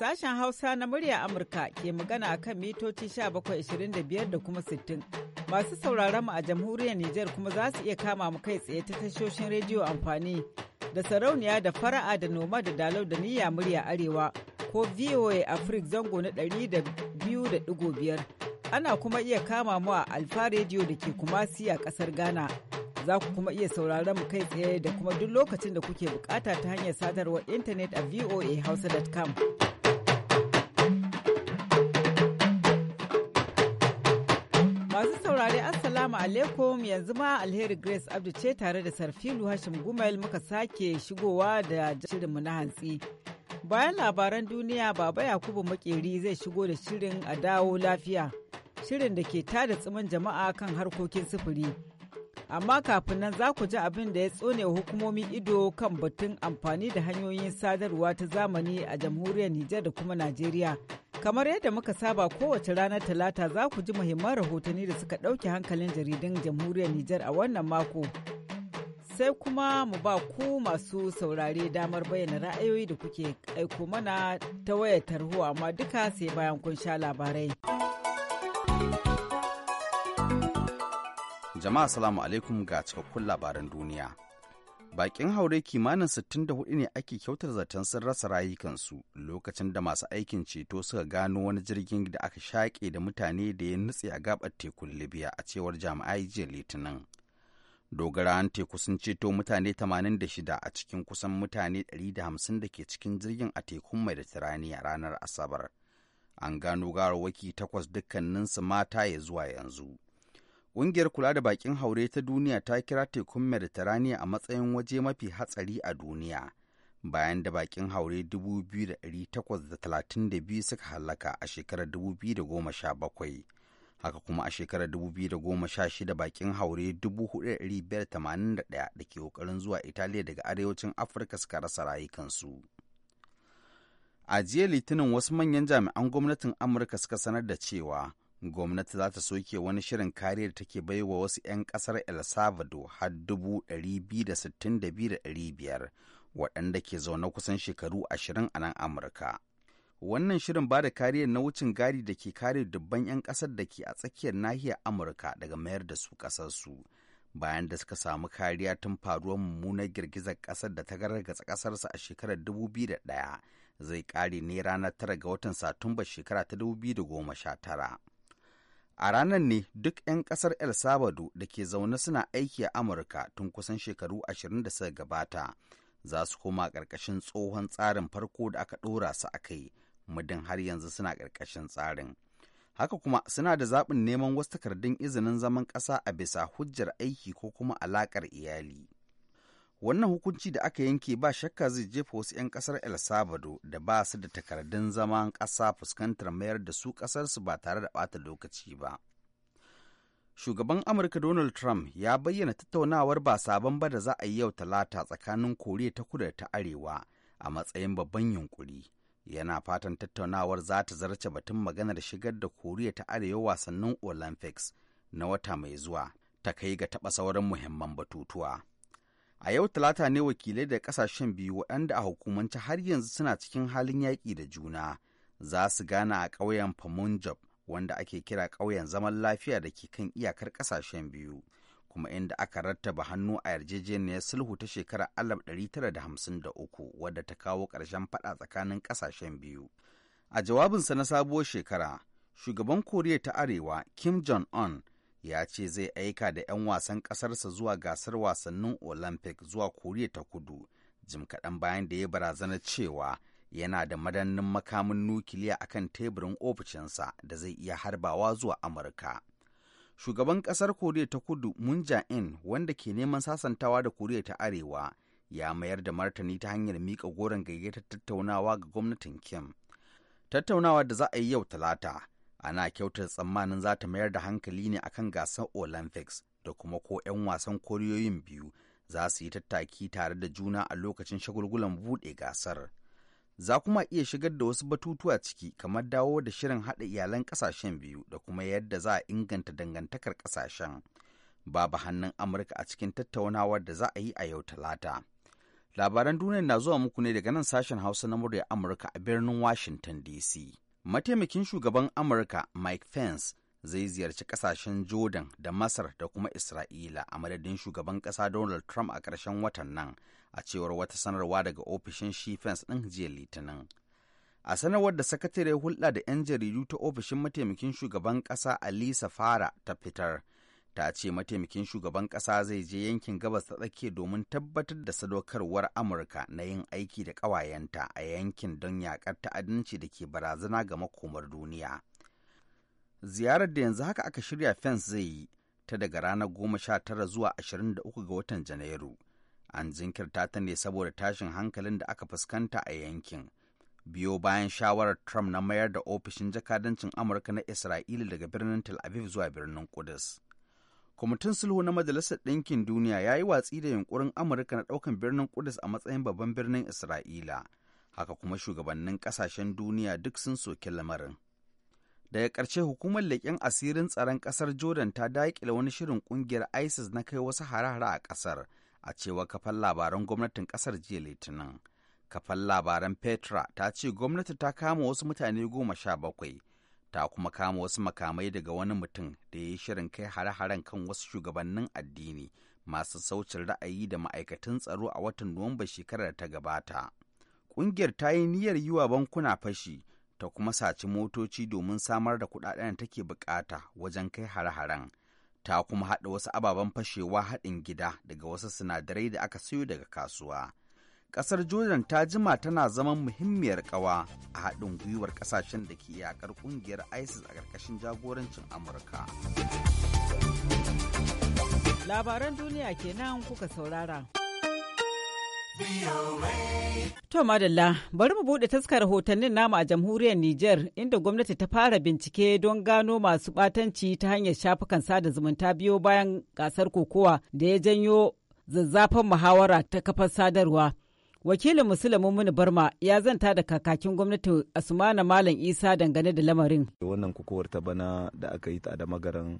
Sashen Hausa na murya Amurka ke magana a kan mitoci 1725 da kuma 60. Masu sauraron mu a jamhuriyar Nijar kuma za su iya kama mu kai tsaye ta tashoshin rediyo amfani da sarauniya da fara'a da noma da dalau da niyya murya arewa ko VOA Africa zango na 200.5. Ana kuma iya kama mu a Alfa Radio da ke Kumasi a kasar Ghana. Za ku kuma iya sauraron mu kai tsaye da kuma duk lokacin da kuke bukata ta hanyar sadarwar intanet a voahausa.com. Assalamu alaikum yanzu ma alheri Grace Abdu ce tare da Sarfilu Hashim Gumail muka sake shigowa da shirinmu na hantsi. Bayan labaran duniya Baba Yakubu Makeri zai shigo da shirin a dawo lafiya. Shirin da ke tada tsimin jama'a kan harkokin sufuri. amma kafin nan za ku ji abin da ya tsone hukumomi ido kan batun amfani da hanyoyin sadarwa ta zamani a jamhuriyar Nijar da kuma Najeriya. Kamar yadda muka saba kowace ranar Talata za ku ji muhimman rahotanni da suka ɗauke hankalin jaridun jamhuriyar Nijar a wannan mako. Sai kuma mu ba ku masu saurare damar bayyana ra'ayoyi da kuke aiko mana ta wayar tarho amma duka sai bayan kun sha labarai. Jama'a salamu alaikum ga cikakkun labaran duniya. Bakin haure kimanin 64 ne ake kyautar zaton sun rasa rayukansu lokacin da masu aikin ceto suka gano wani jirgin da aka shaƙe da mutane da ya nutse a gabar tekun Libya a cewar jami'ai jiya Litinin. Dogarawan teku sun ceto mutane 86 a cikin kusan mutane 150 da ke cikin jirgin a tekun Mediterania ranar Asabar. An gano garowaki takwas dukkaninsu mata ya zuwa yanzu. Ƙungiyar kula da bakin haure ta duniya ta kira tekun Mediterania a matsayin waje mafi hatsari a duniya, bayan da bakin haure 2,832 suka halaka a shekarar 2017. Haka kuma a shekarar 2016 bakin haure 4,581 da ke ƙoƙarin zuwa Italiya daga arewacin Afirka suka rasa rayukansu. A jiya Litinin wasu manyan jami'an gwamnatin Amurka suka sanar da cewa gwamnati za ta soke wani shirin kariyar take bai wa wasu 'yan kasar el salvador har 262,500 waɗanda ke zaune kusan shekaru 20 a nan amurka wannan shirin ba da kariyar na wucin gari da ke kare dubban 'yan kasar da ke a tsakiyar nahiyar amurka daga mayar da su kasarsu bayan da suka samu kariya tun faruwar mummunar girgizar kasar da ta gargaza kasarsa a shekarar 2001 zai kare ne ranar 9 ga watan satumba shekara ta 2019 A ranar ne duk 'yan ƙasar El Salvador da ke zaune suna aiki a Amurka tun kusan shekaru ashirin da suka gabata za su koma ƙarƙashin tsohon tsarin farko da aka ɗora su a kai, muddin har yanzu suna ƙarƙashin tsarin. Haka kuma suna da zaɓin neman wasu takardun izinin zaman ƙasa a bisa hujjar aiki ko kuma alaƙar iyali. wannan hukunci da aka yanke ba shakka zai jefa wasu 'yan kasar el salvador da ba su da takardun zama ƙasa fuskantar mayar da su ƙasarsu ba tare da ɓata lokaci ba shugaban amurka donald trump ya bayyana tattaunawar ba sabon ba da za a yi yau talata tsakanin koriya ta kudu da ta arewa a matsayin babban yunkuri yana fatan tattaunawar za ta zarce batun maganar shigar da koriya ta arewa wasannin olympics na wata mai zuwa ta kai ga taɓa sauran muhimman batutuwa A yau talata ne wakilai da kasashen biyu waɗanda a hukumance har yanzu suna cikin halin yaƙi da juna za su gana a ƙauyen Pamunjab wanda ake kira ƙauyen zaman lafiya da ke kan iyakar ƙasashen biyu kuma inda aka rattaba hannu a yarjejeniyar sulhu ta shekarar uku wadda ta kawo ƙarshen faɗa tsakanin ƙasashen biyu. A jawabinsa na sabuwar shekara, shugaban Koriya ta Arewa Kim Jong-un ya ce zai aika da 'yan wasan ƙasarsa zuwa gasar wasannin olympic zuwa koriya ta kudu jim kaɗan bayan da ya barazana cewa yana da madannin makamin nukiliya a kan teburin ofishinsa da zai iya harbawa zuwa amurka shugaban ƙasar koriya ta kudu moon in wanda ke neman sasantawa da koriya ta arewa ya mayar da martani ta hanyar mika goron gayyatar tattaunawa ga gwamnatin kim tattaunawa da za a yi yau talata ana kyautar tsammanin za ta mayar da hankali ne akan gasar olympics da kuma ko 'yan wasan koriyoyin biyu za su yi tattaki tare da juna a lokacin shagulgulan buɗe gasar za kuma iya shigar da wasu batutuwa ciki kamar dawo da shirin haɗa iyalan ƙasashen biyu da kuma yadda za a inganta dangantakar ƙasashen babu hannun amurka a cikin tattaunawar da za a yi a yau talata labaran duniya na zuwa muku ne daga nan sashen hausa na murya amurka a birnin washington dc mataimakin shugaban amurka mike pence zai ziyarci kasashen jordan da masar da kuma isra'ila a madadin shugaban ƙasa donald trump a ƙarshen watan nan a cewar wata sanarwa daga ofishin shi pence ɗin jiya litinin a sanarwar da sakatare hulɗa da 'yan jaridu ta ofishin mataimakin shugaban ƙasa alisa fara ta fitar ta ce mataimakin shugaban ƙasa zai je yankin gabas ta tsakiya domin tabbatar da sadaukarwar amurka na yin aiki da ƙawayenta a yankin don yaƙar ta'addanci da ke barazana ga makomar duniya ziyarar da yanzu haka aka shirya fence zai yi ta daga ranar goma sha tara zuwa ashirin da uku ga watan janairu an jinkirta ta ne saboda tashin hankalin da aka fuskanta a yankin biyo bayan shawarar trump na mayar da ofishin jakadancin amurka na isra'ila daga birnin tel aviv zuwa birnin kudus kwamitin sulhu na majalisar ɗinkin duniya ya yi watsi da yunkurin amurka na ɗaukan birnin kudus a matsayin babban birnin isra'ila haka kuma shugabannin ƙasashen duniya duk sun soki lamarin daga ƙarshe hukumar leƙen asirin tsaron ƙasar jordan ta daƙile wani shirin ƙungiyar isis na kai wasu hare-hare a ƙasar a cewa kafan labaran gwamnatin ƙasar jiya litinin kafan labaran petra ta ce gwamnati ta kama wasu mutane goma sha bakwai ta kuma kama wasu makamai daga wani mutum da ya yi shirin kai hare-haren kan wasu shugabannin addini masu saucin ra'ayi da ma'aikatan tsaro a watan Nuwamba shekarar ta gabata. Ƙungiyar ta yi niyyar yi wa bankuna fashi ta kuma saci motoci domin samar da kuɗaɗen da take buƙata wajen kai hare-haren. Ta kuma haɗa wasu ababen fashewa haɗin gida daga wasu sinadarai da aka sayo daga kasuwa. kasar jordan ta jima tana zaman muhimmiyar kawa a haɗin gwiwar ƙasashen da ke yakar ƙungiyar isis a ƙarƙashin jagorancin amurka labaran duniya kenan kuka saurara To Madalla, bari mu buɗe taskar rahotannin namu a jamhuriyar Nijar inda gwamnati ta fara bincike don gano masu ɓatanci ta hanyar shafukan sada zumunta biyo bayan gasar kokowa da ya janyo zazzafan muhawara ta kafar sadarwa. wakilin musulmin muni barma ya zanta da kakakin gwamnati asmana malam isa dangane da lamarin wannan kukuwar ta bana da aka yi ta da magaran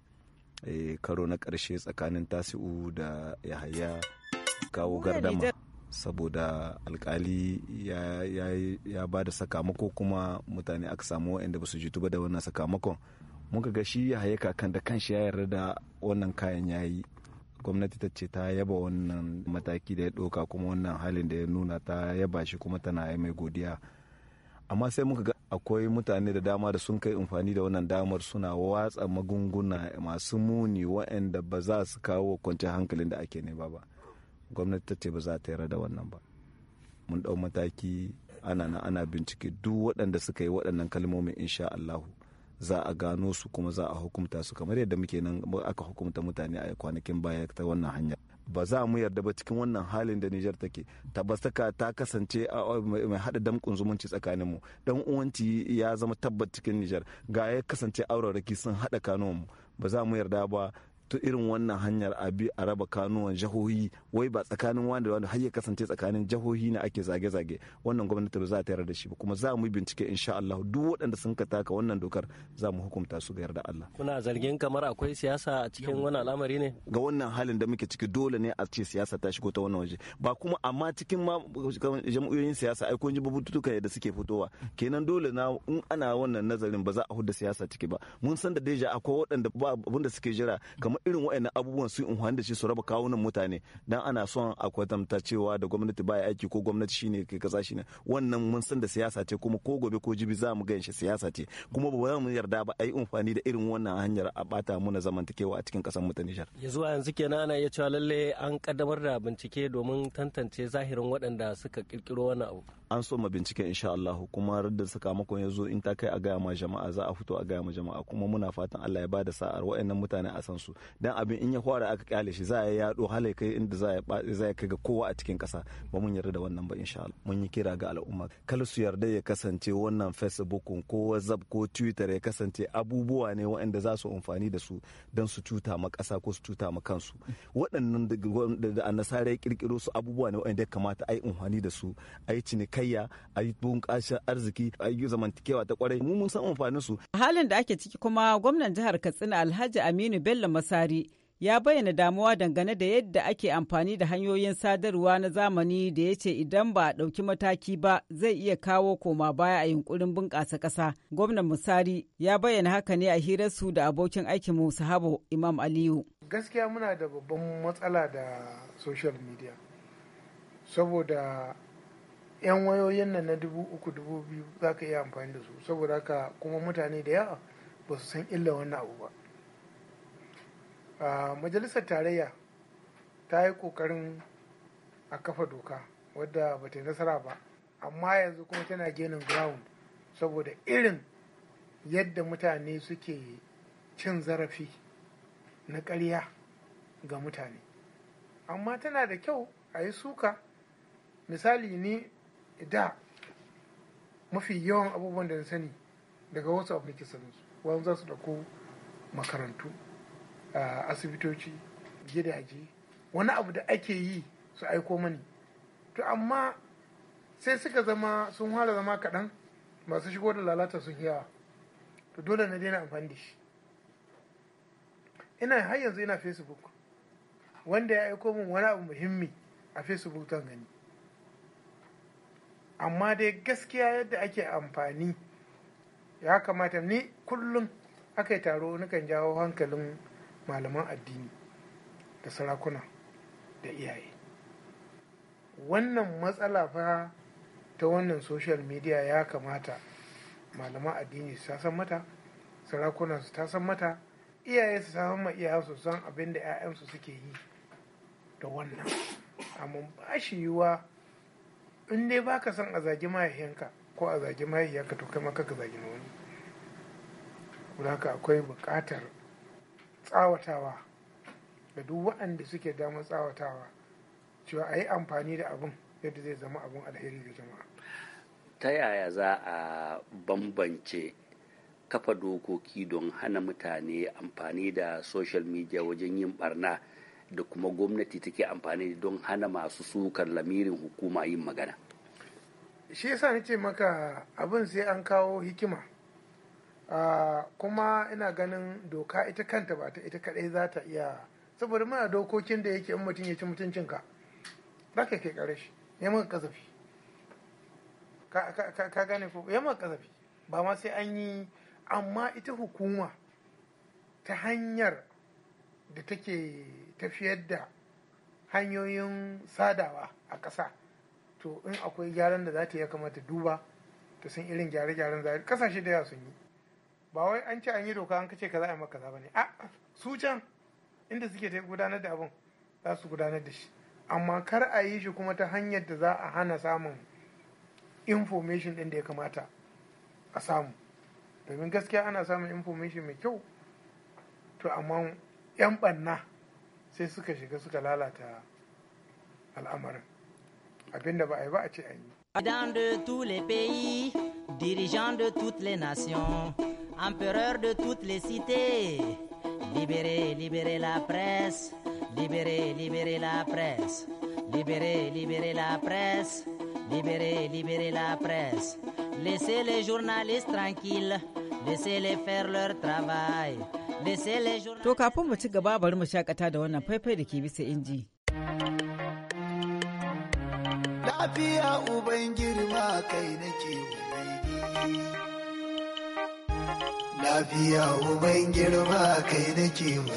eh, karo na karshe tsakanin tasi'u da yahaya kawo gardama saboda alkali ya, ba da sakamako kuma mutane aka samu waɗanda ba su jitu ba da wannan sakamakon muka ga shi yahaya kakan da kanshi ya yarda da wannan kayan yayi gwamnati ta ce ta yaba wannan mataki da ya ɗauka kuma wannan halin da ya nuna ta yaba shi kuma tana yi mai godiya amma sai muka ga akwai mutane da dama da sun kai amfani da wannan damar suna watsa magunguna masu muni waɗanda ba za su kawo kwanciyar hankalin da ake ne ba gwamnati ta ce ba za ta yarda da wannan ba mun ɗau mataki ana ana bincike duk waɗanda suka yi waɗannan kalmomin insha Allahu za a gano su kuma za a hukumta su kamar yadda muke nan aka hukumta mutane a kwanakin baya ta wannan hanya ba za mu yarda ba cikin wannan halin da Nijar take tabbastaka ta kasance mai hada damkun zumunci tsakanin mu dan uwanci ya zama tabbat cikin Nijar ga ya kasance auraraki sun hada kanuwan mu ba za mu yarda ba ta irin wannan hanyar abi a raba kanuwan jihohi wai ba tsakanin wanda da wanda har ya kasance tsakanin jihohi na ake zage-zage wannan gwamnati ba za ta yarda da shi ba kuma za mu yi bincike insha Allah duk waɗanda sun ka taka wannan dokar za mu hukunta su ga yarda Allah kuna zargin kamar akwai siyasa a cikin wannan al'amari ne ga wannan halin da muke ciki dole ne a ce siyasa ta shigo ta wannan waje ba kuma amma cikin ma jam'iyyoyin siyasa ai kun ji babututuka da suke fitowa kenan dole na in ana wannan nazarin ba za a huda siyasa ciki ba mun san da deja akwai waɗanda ba abin da suke jira kamar irin waɗannan abubuwan su in da shi su raba kawunan mutane dan ana son a kwatanta cewa da gwamnati baya aiki ko gwamnati shine ke kaza shine wannan mun san da siyasa ce kuma ko gobe ko jibi za mu ga shi siyasa ce kuma ba za mu yarda ba a yi amfani da irin wannan hanyar a bata mu na zamantakewa a cikin kasar mu ta Nijar ya yanzu kenan ana iya cewa lalle an kaddamar da bincike domin tantance zahirin waɗanda suka kirkiro wannan abu an so ma binciken insha Allah kuma da sakamakon ya zo in ta kai a gaya ma jama'a za a fito a gaya ma jama'a kuma muna fatan Allah ya ba sa'ar waɗannan mutane a san su dan abin in ya fara aka kyale shi za a yaɗo halai kai inda za ya kai ga kowa a cikin kasa ba mun yarda da wannan ba insha Allah mun yi kira ga al'umma kala su yarda ya kasance wannan facebook ko whatsapp ko twitter ya kasance abubuwa ne waɗanda za su amfani da su dan su cuta ma ƙasa ko su cuta ma kansu waɗannan da annasara ya kirkiro su abubuwa ne waɗanda ya kamata a yi amfani da su a yi cinikayya a yi bunƙasa arziki a yi zamantakewa ta kwarai mu mun san amfanin su halin da ake ciki kuma gwamnan jihar Katsina Alhaji Aminu Bello Masa Tsari ya bayyana damuwa dangane da yadda ake amfani da hanyoyin sadarwa na zamani da ya ce idan ba a ɗauki mataki ba zai iya kawo koma baya a yunkurin bunƙasa ƙasa. Gwamnan Musari ya bayyana haka ne a hirarsu da abokin aikin mu Habo Imam Aliyu. Gaskiya muna da babban matsala da social media saboda 'yan wayoyin nan na dubu uku dubu biyu za ka iya amfani da su saboda haka kuma mutane da yawa ba su san illa wannan abu ba. majalisar tarayya ta yi kokarin a kafa doka wadda ba ta nasara ba amma yanzu kuma tana genin ground saboda irin yadda mutane suke cin zarafi na ƙarya ga mutane amma tana da kyau a yi suka misali ne da mafi yawan abubuwan da na sani daga wasu applications da za su dauko makarantu asibitoci gidaje wani abu da ake yi su aiko mani to amma sai suka zama sun fara zama kaɗan masu shigo da lalata sun yawa to dole na daina amfani da shi ina har yanzu ina facebook wanda ya aiko min wani abu muhimmi a facebook zan gani amma dai gaskiya yadda ake amfani ya kamata ni kullum aka yi taro nukan jawo hankalin malaman addini da sarakuna da iyaye wannan matsala fa ta wannan social media ya kamata malaman addini su san mata sarakuna su san mata iyaye su san ma iyaye su san abin da 'ya'yansu suke yi da wannan amma ba shi yiwuwa in dai ba ka san a zagi mahaifiyanka ko a zagi mahaifiyarka to kai maka ka zagi na wani akwai bukatar tsawatawa da duk waɗanda suke damar tsawatawa cewa a yi amfani da abin yadda zai zama abin alheri ga jama'a ta yaya za a bambance kafa dokoki don hana mutane amfani da social media wajen yin barna da kuma gwamnati take amfani don hana masu sukar lamirin hukuma yin magana shi yasa ce maka abin sai an kawo hikima Ah, kuma ina ganin doka ita kanta ba ta ita kadai za ta iya saboda muna dokokin da yake in mutum ya ci mutuncinka za ka kai kare shi ya kasafi ka gane ko ya maka kasafi ba ma sai an yi amma ita hukuma ta hanyar da take tafiyar da hanyoyin sadawa a ƙasa to in akwai gyaran da za ta ya kamata duba ta san irin gyare-gyaren zai kasashe da yawa sun yi ba wai an ce an yi doka an kace kaza a maka kaza ne a su can inda suke ta gudanar da abin za su gudanar da shi amma kar a yi shi kuma ta hanyar da za a hana samun information din da ya kamata a samu domin gaskiya ana samun information mai kyau to amma yan banna sai suka shiga suka lalata al'amarin abinda ba a yi ba a ce an yi. de tous les pays, dirigeant de toutes les nations. empereur de toutes les cités. Libérez, libérez la presse, libérez, libérez la presse, libérez, libérez la presse, libérez, libérez la presse. Laissez les journalistes tranquilles, laissez-les faire leur travail. Laissez les journalistes... Lafiya uban girma kai nake wa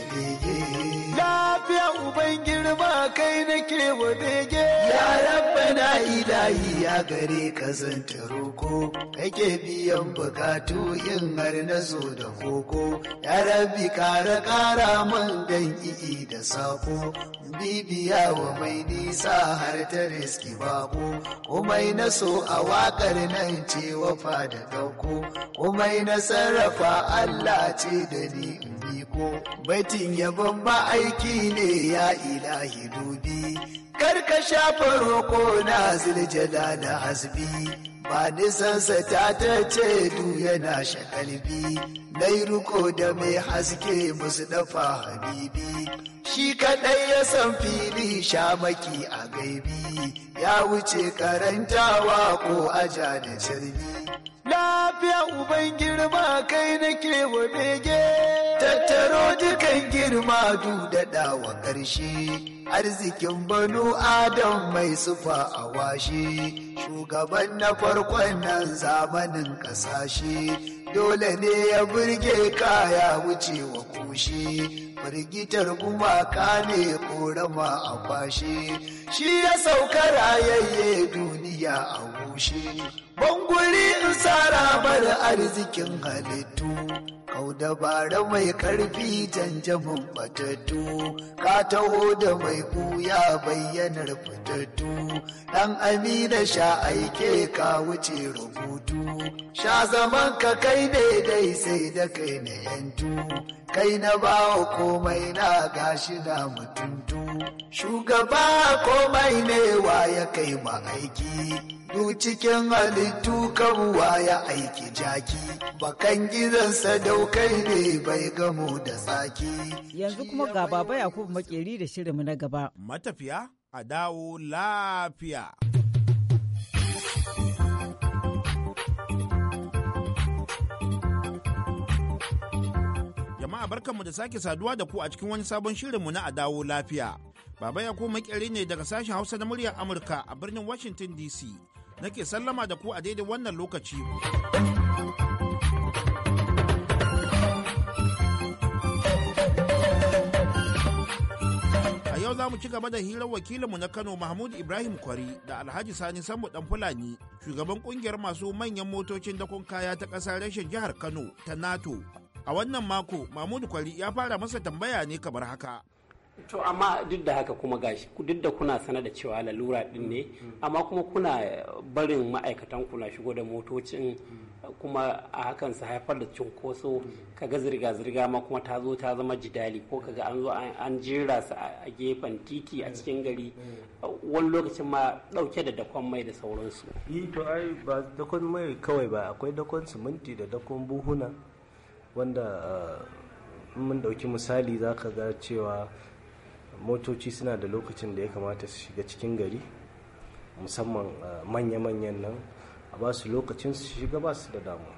Lafiya uban girma kai nake wa bege. Ya rabbana ilahi ya gare ka zanta roko. Kake biyan bukatu yin har na zo da koko. Ya rabbi kara kara man gan i'i da sako. bibiya wa mai nisa har ta riski bako umai na so a wakar nan ce wafa da dauko umai na sarrafa Allah ce da ni in biko batin yabon ma'aiki ne ya ilahi dubi karka shafa roƙo na ziljala da hasbi ba nisansa ta ta ce du yana shakalbi mai ruko da mai haske musu dafa habibi shi kaɗai ya san fili shamaki a gaibi ya wuce karantawa ko aja da sirbi lafiya uban girma kai nake wa bege tattaro dukan girma dudada wa ƙarshe arzikin banu adam mai sufa a washe shugaban na farkon nan zamanin ƙasashe dole ne ya burge kaya wuce wa kushe firgitar gumaka ne korama a kwashe shi ya sauka rayayye duniya a fushi banguri in tsara bar arzikin halittu kau dabara mai karfi janjamin batattu ka taho da mai kuya bayyanar fitattu dan amina sha aike ka wuce rubutu sha zaman ka kai daidai sai da kai na yantu kai na bawa komai na gashi da mutuntu shugaba komai ne wa ya kai ma aiki Su cikin halittu kawuwa ya aiki jaki, bakan gidansa daukai ne bai gamo da tsaki. Yanzu kuma ga baba Yakubu makeri da shirinmu na gaba. Matafiya a dawo lafiya. jama'a barkanmu da sake saduwa da ku a cikin wani sabon shirinmu na adawo lafiya. Baba Yakubu makeri ne daga sashen Hausa na muryar Amurka a birnin Washington DC. nake sallama da ku a daidai wannan lokaci. A yau za mu ci gaba da hirar wakilinmu na Kano Mahmud Ibrahim Kwari da Alhaji Sani Sambo Dan Fulani, shugaban kungiyar masu manyan motocin dakon kaya ta ƙasar rashin jihar Kano ta NATO. A wannan mako, Mahmud Kwari ya fara masa tambaya ne kamar haka. to amma duk da haka kuma gashi duk da kuna sana da cewa lalura din ne amma kuma kuna barin ma'aikatan kuna shigo da motocin kuma a hakan su haifar da cunkoso kaga zirga-zirga ma kuma ta zo ta zama jidali ko kaga an zo an jera su a gefen titi a cikin gari wani lokacin ma dauke da dakon mai da sauransu yi to ai ba dakon mai kawai ba akwai dakon siminti da dakon buhuna wanda ah, mun dauki misali za ka ga cewa motoci suna da lokacin da ya kamata su shiga cikin gari musamman ah, manya-manyan nan a ba su lokacin su shiga ba su da dama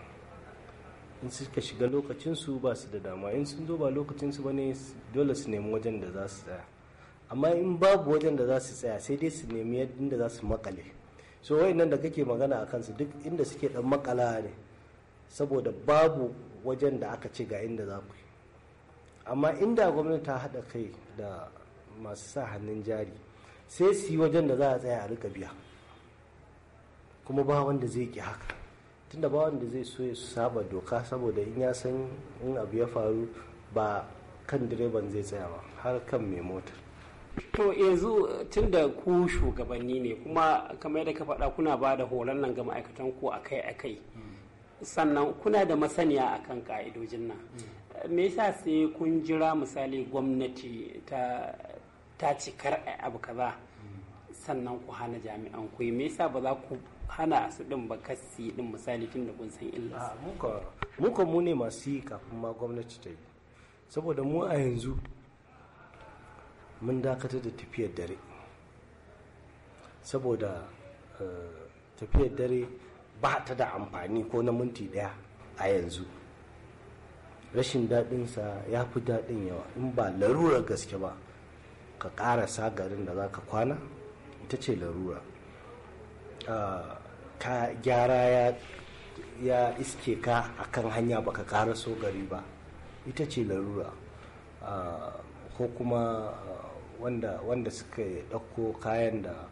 in suka shiga lokacin su ba su da dama in sun zo ba lokacin su bane dole su nemi wajen da za su tsaya amma in babu wajen da za su tsaya sai dai su nemi yadda za su makale so nan da kake magana a kansu duk inda suke dan makala ne saboda babu wajen da aka ce ga inda za ku yi amma inda gwamnati ta haɗa kai da masu sa hannun jari sai su yi wajen da za a tsaya a rika biya kuma ba wanda zai ki haka tunda ba wanda zai so ya saba doka saboda in ya san in abu ya faru ba kan direban zai tsaya ba har kan mai motar to yanzu tun ku shugabanni ne kuma kamar yadda ka faɗa kuna ba da horon nan ga ma'aikatan ku akai akai sannan kuna da masaniya akan ka'idojin nan mm. me yasa sai kun jira misali gwamnati ta ta ce kar a abu kaza sannan ku hana jami'an ku me yasa ba za ku hana su ɗin ba kasi din misali tun da kun san illa muka mu ne masu yi kafin ma gwamnati ta yi saboda mu a yanzu mun dakatar da tafiyar dare saboda eh, tafiyar dare ba ta da amfani ko na minti daya a yanzu rashin daɗinsa ya fi daɗin yawa in ba larurar gaske ba ka karasa garin da za ka kwana ita ce larura ah, ka gyara ya iske ka akan hanya baka karaso gari ba ita ce larura ah, ko kuma ah, wanda, wanda suka ɗauko kayan da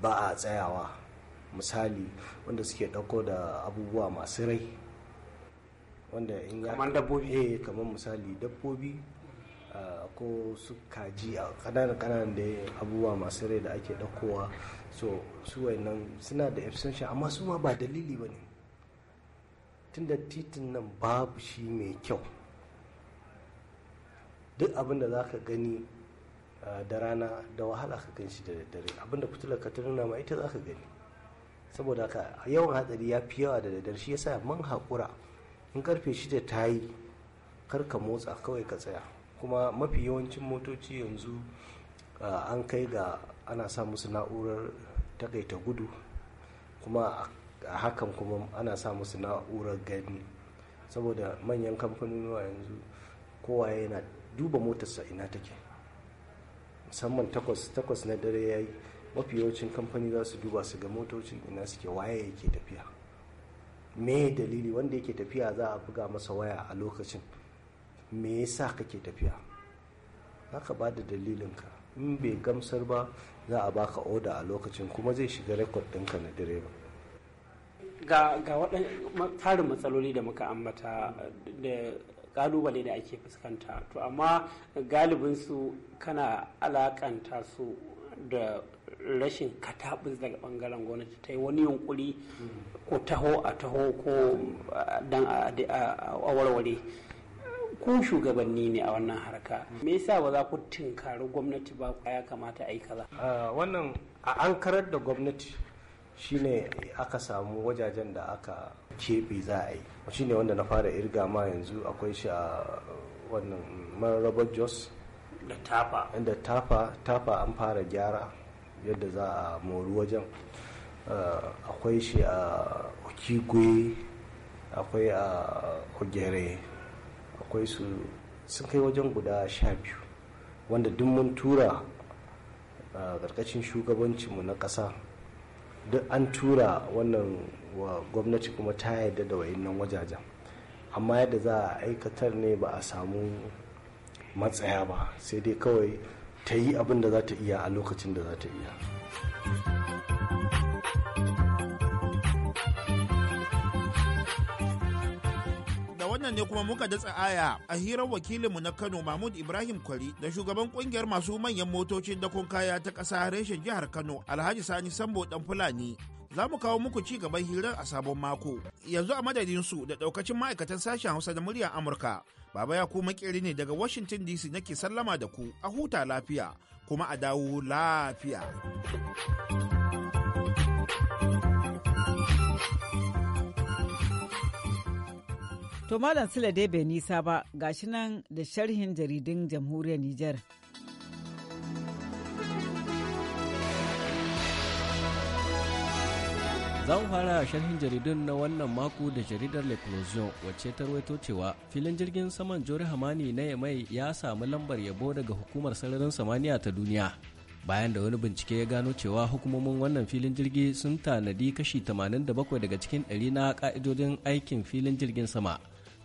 ba a tsayawa misali wanda suke ɗauko da abubuwa masu rai wanda in ya kamar dabbobi eh kamar misali dabbobi Ah, ko su kaji a kananan kananan da abubuwa masu rai da ake ɗaukowa so su wayannan suna da abstention amma su ma ba dalili ba ne tunda titin nan babu shi mai kyau duk abinda da za ka gani ah, da rana da wahala ka gan shi da daddare abinda fitilar ka tuna ma ita za ka gani saboda haka yawan hatsari ya fi yawa da daddare shi yasa man haƙura in karfe shida ta yi kar ka motsa kawai ka tsaya kuma mafi yawancin motoci yanzu ah, an kai ga ana sa musu na'urar takaita gudu kuma a hakan kuma ana sa musu na'urar gani saboda manyan kamfanonuwa yanzu kowa yana duba motarsa ina take musamman takwas takwas na dare ya yi mafi yawancin kamfani za su duba su ga motocin ina suke waye yake tafiya me dalili wanda yake tafiya za a buga masa waya a lokacin me yasa kake tafiya za ka ba da dalilinka in bai gamsar ba za a baka oda a lokacin kuma zai shiga rekod ɗinka na direba ga tarin matsaloli da muka ambata da kalubale da ake fuskanta to amma galibin su kana alakanta su da rashin katabus daga bangaren gwamnati ta yi wani yunkuri mm. ko taho a taho ko dan a warware ku shugabanni ne a wannan harka me yasa ba za ku tinkari gwamnati ba ya kamata a yi kaza ah, wannan a an karar da gwamnati shine aka samu wajajen da aka keɓe za a yi shine wanda na fara irga ma yanzu akwai shi a wannan mararabar jos da tafa inda tafa tafa an fara gyara yadda za a mori wajen ah, akwai shi a okigwe akwai a ogere akwai su sun kai wajen guda sha biyu wanda duk mun tura a shugabancin mu na ƙasa duk an tura wannan wa gwamnati kuma ta yarda da wayannan wajajen amma yadda za a aikatar ne ba a samu matsaya ba sai dai kawai ta yi abin da za ta iya a lokacin da za ta iya. wannan ne kuma muka datsa aya a hirar wakilinmu na Kano Mahmud Ibrahim Kwari da shugaban kungiyar masu manyan motocin dakon kaya ta ƙasa reshen jihar Kano Alhaji Sani Sambo dan Fulani. Za mu kawo muku ci gaban hirar a sabon mako. Yanzu a madadin su da daukacin ma'aikatan sashen Hausa da muryar Amurka. Baba ya kuma makeri ne daga Washington DC nake sallama da ku a huta lafiya kuma a dawo lafiya. To Malam Sule dai bai nisa ba gashi nan da sharhin jaridun jamhuriyar Nijar. Za mu fara sharhin jaridun na wannan mako da jaridar L'Eclosion wacce ta rawaito cewa filin jirgin saman Jori Hamani na Yamai ya samu lambar yabo daga hukumar sararin samaniya ta duniya. bayan da wani bincike ya gano cewa hukumomin wannan filin jirgi sun tanadi kashi 87 daga cikin 100 na ka'idodin aikin filin jirgin sama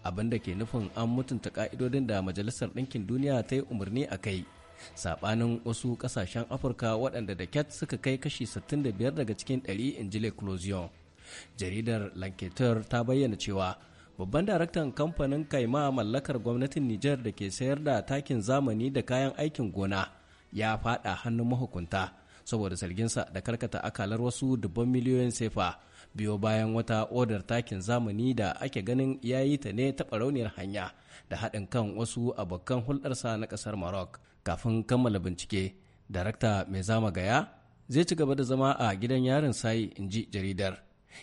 abin da ke nufin an mutunta ka'idodin da majalisar ɗinkin duniya ta yi umarni a kai saɓanin wasu ƙasashen afirka waɗanda da cat suka kai kashi 65 daga cikin 100 in ji jaridar lanketer ta bayyana cewa babban daraktan kamfanin kaima mallakar gwamnatin niger da ke sayar da takin zamani da kayan aikin gona ya faɗa hannun mahukunta saboda zarginsa da karkata akalar wasu dubban miliyoyin sefa biyo bayan wata odar takin zamani da ake ganin ya yi ta ne taɓa rauniyar hanya da haɗin kan wasu abokan hulɗarsa na ƙasar Maroc. Kafin kammala bincike, darakta mai zama gaya zai ci gaba da zama a gidan yarin sayi in ji jaridar.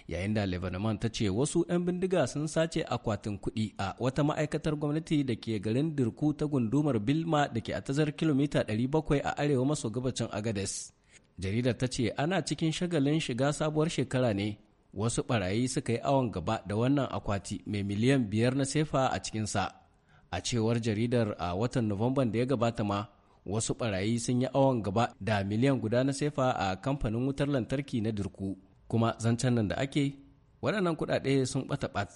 Yayin da Lebanon ta ce wasu 'yan bindiga sun sace akwatin kuɗi a wata ma'aikatar gwamnati da ke garin Dirku ta gundumar Bilma da ke a tazar kilomita 700 a arewa maso gabacin Agades. Jaridar ta ce ana cikin shagalin shiga sabuwar shekara ne wasu barayi suka yi awon gaba da wannan akwati mai miliyan biyar na sefa a cikinsa a cewar jaridar a watan nuwamban da ya gabata ma wasu barayi sun yi awon gaba da miliyan guda na sefa a kamfanin wutar lantarki na dirku kuma zancen nan da ake waɗannan kuɗaɗe sun ɓata ɓat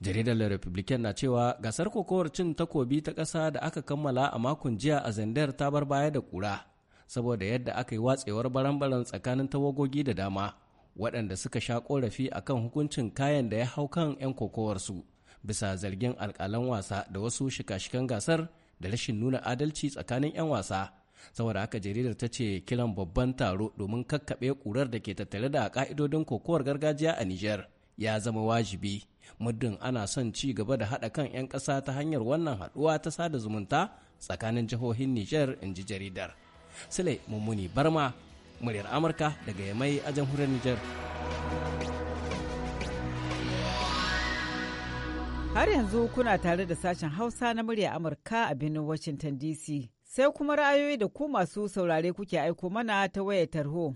jaridar la republican na cewa gasar kokowar cin takobi ta ƙasa da aka kammala a makon jiya a zandar ta bar baya da kura saboda yadda aka yi watsewar baran-baran tsakanin tawagogi da dama waɗanda suka sha ƙorafi a kan hukuncin kayan da ya hau kan 'yan kokowarsu bisa zargin alƙalan wasa da wasu shika-shikan gasar da rashin nuna adalci tsakanin 'yan wasa saboda haka jaridar ta ce kiran babban taro domin kakkaɓe ƙurar da ke tattare da ƙa'idodin kokowar gargajiya a niger ya zama wajibi muddin ana son ci gaba da haɗa kan 'yan ƙasa ta hanyar wannan haɗuwa ta sada zumunta tsakanin jihohin niger in ji jaridar. Sule Mummuni Barma muryar amurka daga yamai a jamhuriyar nijar. har yanzu kuna tare da sashen hausa na muryar amurka a birnin washington dc sai kuma ra'ayoyi da ku masu saurare kuke aiko mana ta wayar tarho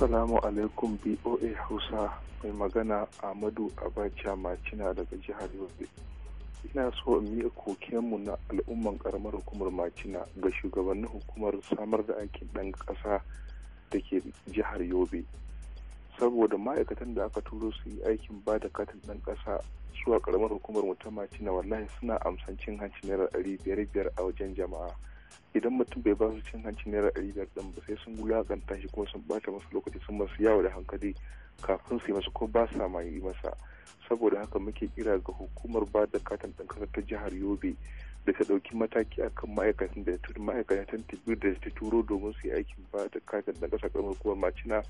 Assalamu alaikum BOA Hausa mai magana Ahmadu Abacha Macina daga jihar Yobe. ina so in miƙa kokenmu na al'umman karamar hukumar macina ga shugabannin hukumar samar da aikin ɗan ƙasa da ke jihar yobe saboda ma'aikatan da aka turo su yi aikin ba da katin ɗan ƙasa zuwa karamar hukumar mu ta macina wallahi suna amsan cin hanci naira ɗari biyar biyar a wajen jama'a idan mutum bai ba su cin hanci naira ɗari biyar ɗin ba sai sun wulaƙanta shi kuma sun ɓata masa lokaci sun masu yawo da hankali kafin su yi masa ko ba sa ma yi masa saboda haka muke kira ga hukumar ba da katin ɗan ƙasa ta jihar yobe da ta ɗauki mataki akan ma'aikatan da ma'aikatan tibir da ta turo domin su yi aikin ba ta kafin na ƙasa karamar hukumar macina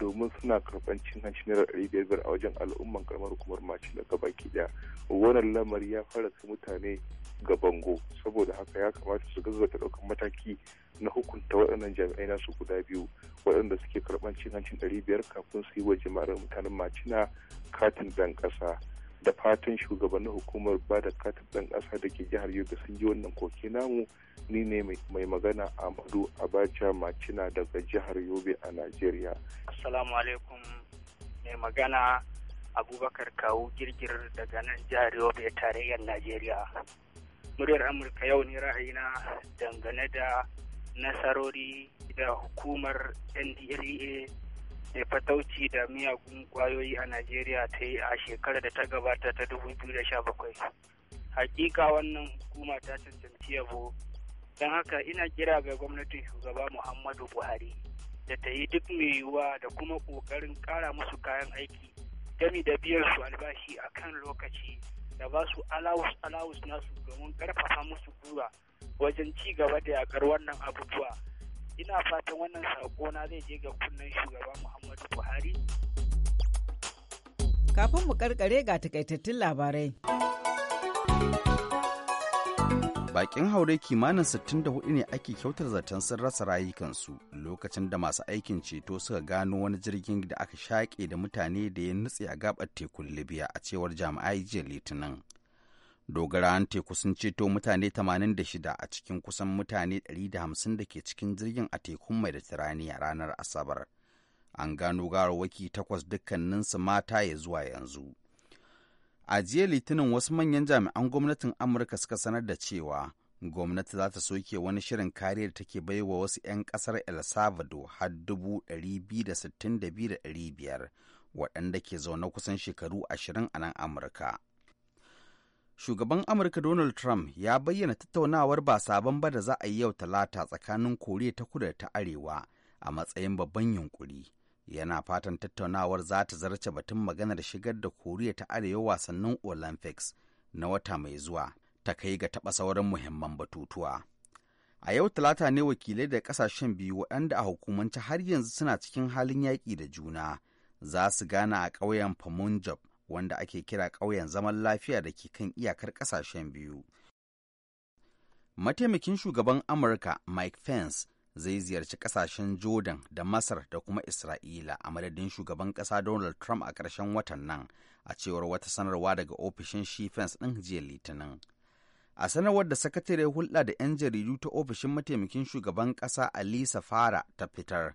domin suna karɓan cin hanci na ɗari biyar biyar a wajen al'umman karamar hukumar macina baki ɗaya wannan lamari ya fara su mutane ga bango saboda haka ya kamata su ta ɗaukar mataki na hukunta waɗannan jami'ai nasu guda biyu waɗanda suke karɓan cin hancin ɗari biyar kafin su yi wa jama'ar mutanen macina katin dan ƙasa da fatan shugabannin hukumar ba da ɗan ƙasa da ke jihar yobe sun ji wannan koke namu ni ne mai magana amadu abacha macina daga jihar yobe a nigeria. assalamu alaikum mai magana abubakar kawu girgir daga nan jihar yobe tarayyar najeriya muryar amurka yau ne ra'ayina dangane da nasarori da hukumar ndlea da fatauci da miyagun kwayoyi a najeriya ta yi a shekarar da ta gabata ta 2017 hakika wannan hukuma ta cancanci yabo don haka ina kira ga gwamnatin shugaba muhammadu buhari da ta yi duk mai yiwuwa da kuma ƙoƙarin ƙara musu kayan aiki gami da biyan su albashi a kan lokaci da ba su alawus alawus nasu domin karfafa musu gura wajen ci gaba da yakar wannan abubuwa ina fatan wannan sako na zai je ga kunnen shugaba muhammadu buhari kafin mu karkare ga takaitattun labarai bakin haure kimanin 64 ne ake kyautar zaton sun rasa rayukansu lokacin da masu aikin ceto suka gano wani jirgin da aka shaƙe da mutane da ya nutse a gabar tekun libya a cewar jami'ai jiya litinin dogarawan teku sun ceto mutane 86 a cikin kusan mutane 150 da ke cikin jirgin a tekun mediterania ranar asabar an gano waki takwas dukkaninsu mata ya zuwa yanzu a jiya litinin wasu manyan jami'an gwamnatin amurka suka sanar da cewa gwamnati za ta soke wani shirin kariyar da take baiwa wasu 'yan kasar el salvador har 262,500 waɗanda ke zaune kusan shekaru ashirin a nan amurka shugaban amurka donald trump ya bayyana tattaunawar ba sabon ba da za a yi yau talata tsakanin koriya ta kudu da ta arewa a matsayin babban yunkuri yana fatan tattaunawar za ta zarce batun maganar shigar da koriya ta arewa wasannin olympics na wata mai zuwa ta kai ga taɓa sauran muhimman batutuwa a yau talata ne wakilai da ƙasashen biyu waɗanda a hukumance har yanzu suna cikin halin yaƙi da juna za su gana a ƙauyen pamunjab wanda ake kira ƙauyen zaman lafiya da ke kan iyakar ƙasashen biyu. Mataimakin shugaban Amurka Mike Pence zai ziyarci ƙasashen Jordan da Masar da kuma Isra'ila a madadin shugaban ƙasa Donald Trump a ƙarshen watan nan, a cewar wata sanarwa daga ofishin shi Pence ɗin jiya Litinin. a sanarwar da sakatare hulɗa da 'yan jaridu ta ofishin mataimakin shugaban ƙasa alisa fara ta fitar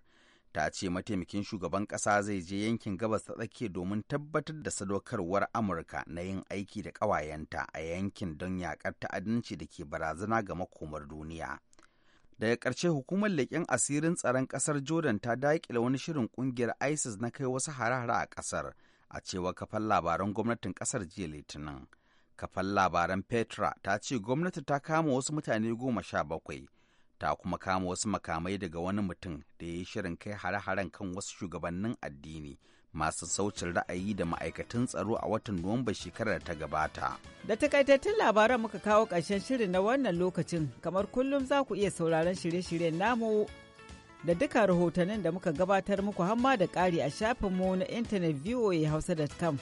ta ce mataimakin shugaban ƙasa zai je yankin gabas ta tsakiya domin tabbatar da sadaukarwar amurka na yin aiki da ƙawayenta a yankin don yaƙar ta'addanci da ke barazana ga makomar duniya daga ƙarshe hukumar leƙen asirin tsaron ƙasar jordan ta daƙile wani shirin ƙungiyar isis na kai wasu hare-hare a ƙasar a cewa kafan labaran gwamnatin ƙasar jiya litinin Kafan labaran petra ta ce gwamnati ta kama wasu mutane goma sha bakwai ta kuma kama wasu makamai daga wani mutum da ya yi shirin kai hare-haren kan wasu shugabannin addini masu saucin ra'ayi da ma'aikatan tsaro a watan Nuwamban shekarar da ta gabata. Da takaitattun labaran muka kawo ƙarshen shirin na wannan lokacin, kamar kullum za ku iya sauraron shirye-shiryen namu da duka rahotannin da muka gabatar muku hamma da ƙari a shafinmu na intanet voahausa.com.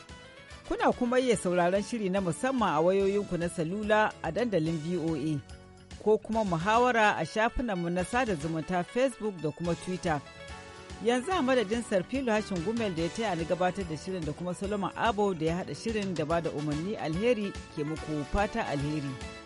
Kuna kuma iya sauraron shiri na musamman a wayoyinku na salula a dandalin VOA. ko kuma muhawara a shafinanmu na sada zumunta facebook da kuma twitter yanzu a madadin sarfilo hashin gumel da ya taya ni gabatar da shirin da kuma solomon abo da ya haɗa shirin da ba da umarni alheri ke muku fata alheri.